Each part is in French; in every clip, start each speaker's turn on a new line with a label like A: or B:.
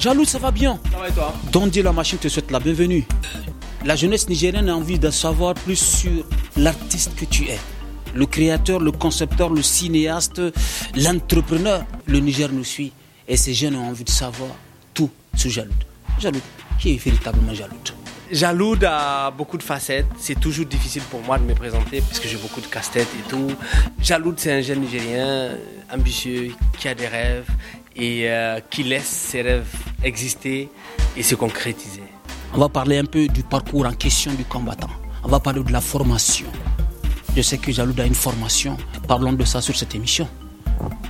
A: Jaloud, ça va bien Ça va et toi Dondi la machine te souhaite la bienvenue. La jeunesse nigérienne a envie de savoir plus sur l'artiste que tu es. Le créateur, le concepteur, le cinéaste, l'entrepreneur. Le Niger nous suit et ces jeunes ont envie de savoir tout
B: sur Jaloud. Jaloud, qui est véritablement Jaloud Jaloud a beaucoup de facettes. C'est toujours difficile pour moi de me présenter parce que j'ai beaucoup de casse-tête et tout. Jaloud, c'est un jeune Nigérien euh, ambitieux, qui a des rêves et euh, qui laisse ses rêves exister et se concrétiser.
A: On va parler un peu du parcours en question du combattant. On va parler de la formation. Je sais que Jaloud a une formation. Parlons de ça sur cette émission.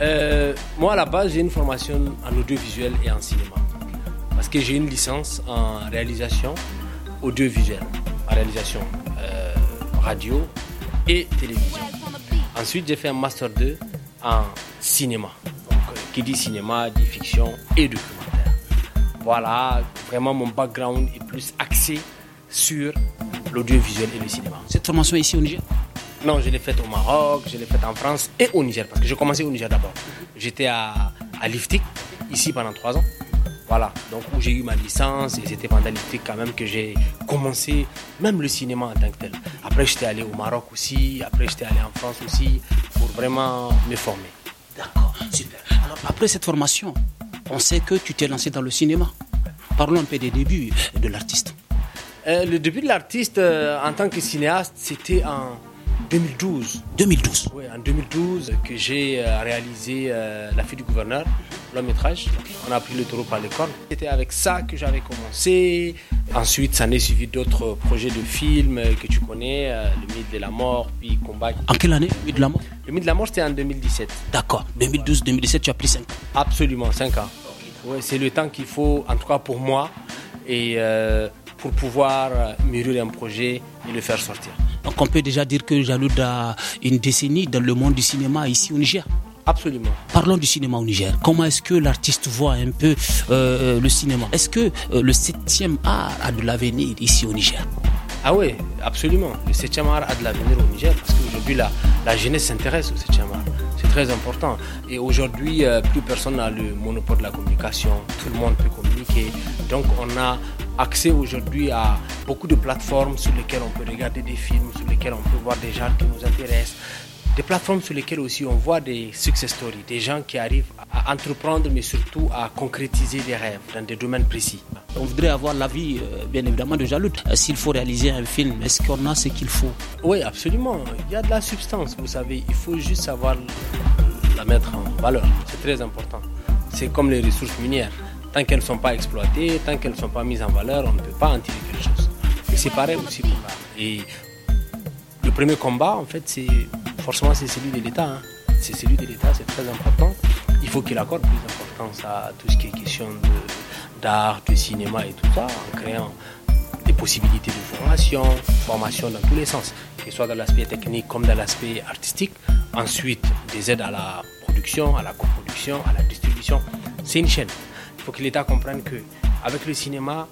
B: Euh, moi, à la base, j'ai une formation en audiovisuel et en cinéma. Parce que j'ai une licence en réalisation audiovisuelle, en réalisation euh, radio et télévision. Ensuite, j'ai fait un Master 2 en cinéma. Euh, qui dit cinéma, dit fiction et document. Voilà, vraiment mon background est plus axé sur l'audiovisuel et le cinéma. Cette formation ici au Niger Non, je l'ai faite au Maroc, je l'ai faite en France et au Niger, parce que j'ai commencé au Niger d'abord. J'étais à, à ici pendant trois ans. Voilà, donc où j'ai eu ma licence et c'était pendant l'été quand même que j'ai commencé même le cinéma en tant que tel. Après j'étais allé au Maroc aussi, après j'étais allé en France aussi pour vraiment me former.
A: D'accord, super. Alors après
B: cette formation, on sait que tu t'es lancé dans le cinéma. Parlons un peu des débuts de l'artiste. Euh, le début de l'artiste euh, en tant que cinéaste, c'était en 2012. 2012 Oui, en 2012 que j'ai euh, réalisé euh, La fille du gouverneur, long métrage. On a pris le taureau par les cornes. C'était avec ça que j'avais commencé. Ensuite, ça en suivi d'autres projets de films que tu connais, euh, Le mythe de la mort, puis Combat. En quelle année, Le mythe de la mort Le mythe de la mort, c'était en 2017. D'accord, 2012-2017, tu as pris 5 ans Absolument, 5 ans. c'est le temps qu'il faut, en tout cas pour moi. Et pour pouvoir euh, mûrir un projet et le faire sortir.
A: Donc on peut déjà dire que Jaloud a une décennie dans le monde du cinéma ici au Niger. Absolument. Parlons du cinéma au Niger. Comment est-ce que l'artiste voit un peu euh, euh, le cinéma Est-ce que le 7e art a de l'avenir ici au Niger
B: Ah oui, absolument. Le 7e art a de l'avenir au Niger parce qu'aujourd'hui, la, la jeunesse s'intéresse au 7e art. C'est très important. Et aujourd'hui, plus personne n'a le monopole de la communication. Tout le monde peut communiquer. Donc, on a accès aujourd'hui à beaucoup de plateformes sur lesquelles on peut regarder des films, sur lesquelles on peut voir des gens qui nous intéressent, des plateformes sur lesquelles aussi on voit des success stories, des gens qui arrivent à entreprendre mais surtout à concrétiser des rêves dans des domaines précis. On voudrait avoir l'avis, euh, bien évidemment, de Jaloud. Euh, s'il faut réaliser un film, est-ce qu'on a ce qu'il faut Oui, absolument. Il y a de la substance, vous savez. Il faut juste savoir la mettre en valeur. C'est très important. C'est comme les ressources minières. Tant qu'elles ne sont pas exploitées, tant qu'elles ne sont pas mises en valeur, on ne peut pas tirer quelque chose. Et c'est pareil aussi pour Et le premier combat, en fait, c'est forcément c'est celui de l'État. Hein. C'est celui de l'État, c'est très important. Il faut qu'il accorde plus d'importance à tout ce qui est question d'art, de cinéma et tout ça, en créant des possibilités de formation, formation dans tous les sens, que ce soit dans l'aspect technique comme dans l'aspect artistique. Ensuite, des aides à la production, à la coproduction, à la distribution. C'est une chaîne. Donc l'État comprenne que avec le cinéma,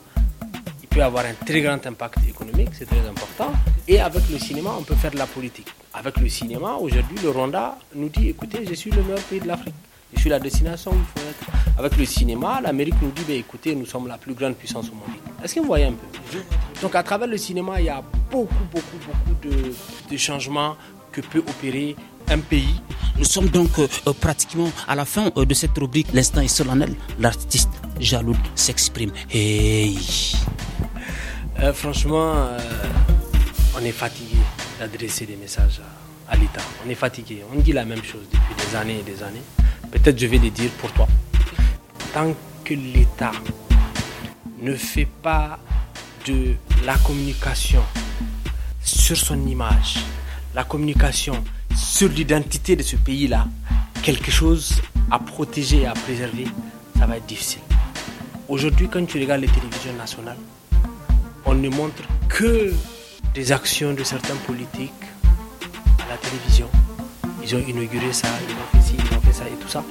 B: il peut avoir un très grand impact économique, c'est très important. Et avec le cinéma, on peut faire de la politique. Avec le cinéma, aujourd'hui, le Rwanda nous dit écoutez, je suis le meilleur pays de l'Afrique. Je suis la destination où il faut être. Avec le cinéma, l'Amérique nous dit ben, écoutez, nous sommes la plus grande puissance au monde. Est-ce que vous voyez un peu Donc, à travers le cinéma, il y a beaucoup, beaucoup, beaucoup de changements que peut opérer un pays. Nous sommes
A: donc euh, euh, pratiquement à la fin euh, de cette rubrique. L'instant est solennel. L'artiste jaloux
B: s'exprime. franchement, on est fatigué d'adresser des messages à, l'État. On est fatigué. On dit la même chose depuis des années et des années. Peut-être je vais les dire pour toi. Tant que l'État ne fait pas de la communication sur son image, la communication sur l'identité de ce pays-là, quelque chose à protéger et à préserver, ça va être difficile. Aujourd'hui, quand tu regardes les télévisions nationales, on ne montre que des actions de certains politiques à la télévision. Ils ont inauguré ça, ils ont fait ci, ils ont fait ça et tout ça.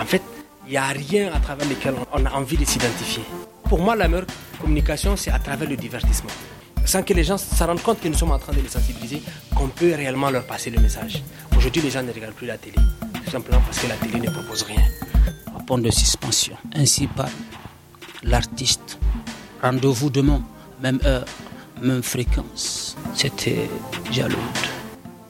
B: En fait, il n'y a rien à travers lequel on a envie de s'identifier. Pour moi, la meilleure communication, c'est à travers le divertissement sans que les gens se rendent compte que nous sommes en train de les sensibiliser, qu'on peut réellement leur passer le message. Aujourd'hui, les gens ne regardent plus la télé, tout simplement parce que la télé ne propose rien.
A: Un pont de suspension. Ainsi par l'artiste. Rendez-vous demain, même heure, même fréquence. C'était jaloux.